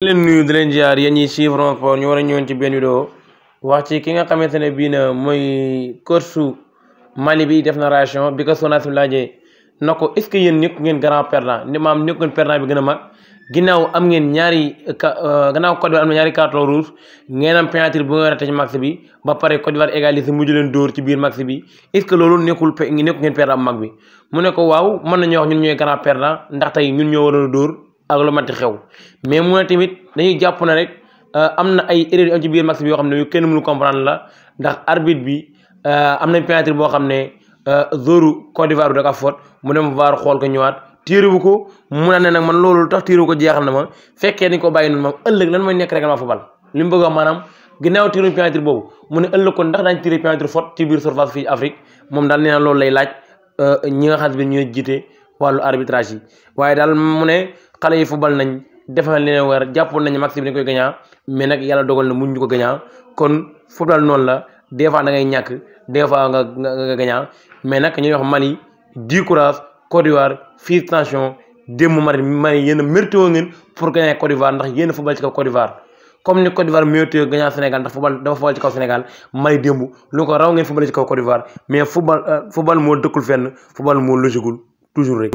leen nuyu di leen jaar yéen ñi suivre Rond Sport ñu war a ci benn vidéo wax ci ki nga xamante ne bii na mooy coach Mali bi def narration bi ko Sonas bi laajee na ko est ce que yéen nekk ngeen grand perdant ni maam nekk ngeen perdant bi gën a mag ginnaaw am ngeen ñaari euh, gannaaw Côte d'Ivoire am na ñaari carton rouge ngeen am penalty bu nga rate ci match bi ba pare Côte d'Ivoire égalisé mujj leen dóor ci biir match bi loolu nekkul nekk ngeen perdant bu mag bi ne ko waaw mën nañoo wax ñun ñooy grand perdant ndax tey ñun ñoo waroon a dóor ak lu mati xew mais mu ne tamit dañuy jàpp na rek euh, am na ay erreur yu am ci biir match yoo xam ne yu kenn munu comprendre la ndax arbitre bi euh, am na penalty boo xam ne zoru euh, Côte d'Ivoire da ka foot mu dem vaar xool ko ñëwaat téerewu ko mu ne nag man loolu tax téerewu ko jeexal na ma fekkee dañ ko bàyyi noonu moom ëllëg lan mooy nekk rek a fubal li mu bëgg a maanaam ginnaaw tiiru penalty boobu mu ne ëllëg kon ndax daañ tiiru penalty faute ci biir surface fi Afrique moom daal nee na loolu lay laaj ñi nga xam ne ñooy jiite wàllu arbitrage yi waaye daal mu ne xale yi football nañ defal leen war jàppoon nañ maxi bi koy gañaa mais nag yàlla dogal na mu ñu ko gañaa kon football noonu la des fois da ngay ñàkk des fois nga nga gañaa mais nag ñuy wax Mali du courage Côte d'Ivoire fii démb Mali Mali yéen a mérité woo ngeen pour gañaa Côte d'Ivoire ndax yéen a football ci kaw Côte d'Ivoire comme ni Côte d'Ivoire mérité gañaa Sénégal ndax football dafa football ci kaw Sénégal Mali démb lu ko raw ngeen football ci kaw Côte d'Ivoire euh, moo dëkkul fenn football moo rek